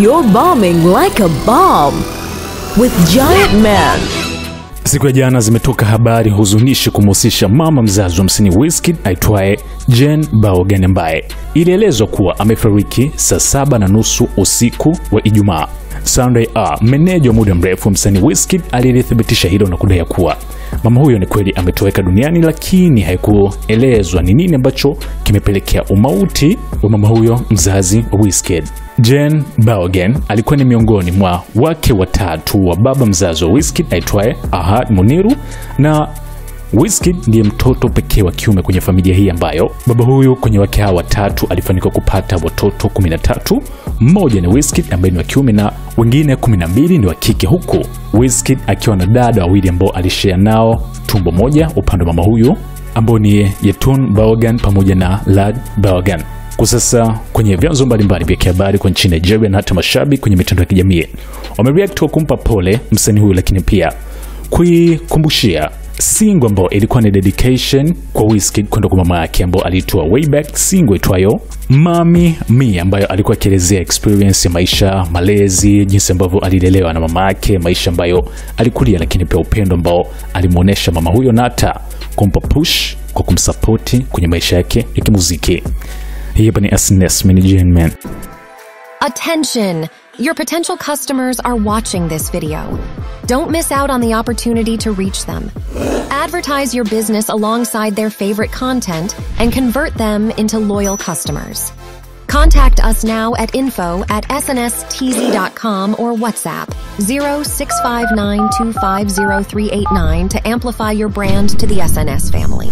You're bombing like a bomb with Giant Man. Siku ya jana zimetoka habari huzunishi kumhusisha mama mzazi wa msanii Wizkid aitwaye Jen Baogan ambaye ilielezwa kuwa amefariki saa saba na nusu usiku wa Ijumaa. Sunday R, meneja wa muda mrefu msanii Wizkid alilithibitisha hilo na kudai kuwa mama huyo ni kweli ametoweka duniani, lakini haikuelezwa ni nini ambacho kimepelekea umauti wa mama huyo mzazi wa Wizkid. Jen Balgen alikuwa ni miongoni mwa wake watatu wa baba mzazi wa Wizkid aitwaye Ahad Muniru na Wizkid ndiye mtoto pekee wa kiume kwenye familia hii ambayo baba huyu kwenye wake hawa watatu alifanikiwa kupata watoto 13. Mmoja ni Wizkid ambaye ni wa kiume na wengine 12 ni wa kike, huku Wizkid akiwa na dada wawili ambao alishare nao tumbo moja upande wa mama huyu ambao ni Yetun Balgan pamoja na Lad Balgan. Kwa sasa kwenye vyanzo mbalimbali vya kihabari kwa nchini Nigeria na hata mashabiki kwenye mitandao ya kijamii wamereact kwa kumpa pole msanii huyu, lakini pia kuikumbushia single ambayo ilikuwa ni dedication kwa Wizkid kwenda kwa mama yake ambayo alitoa way back, single itwayo Mami Mi, ambayo alikuwa akielezea experience ya maisha, malezi, jinsi ambavyo alilelewa na mama yake, maisha ambayo alikulia, lakini pia upendo ambao alimuonesha mama huyo na hata kumpa push kwa kumsapoti kwenye maisha yake ya kimuziki. Attention! Your potential customers are watching this video. Don't miss out on the opportunity to reach them. Advertise your business alongside their favorite content and convert them into loyal customers. Contact us now at info at snstz.com or WhatsApp 0659250389 to amplify your brand to the SNS family.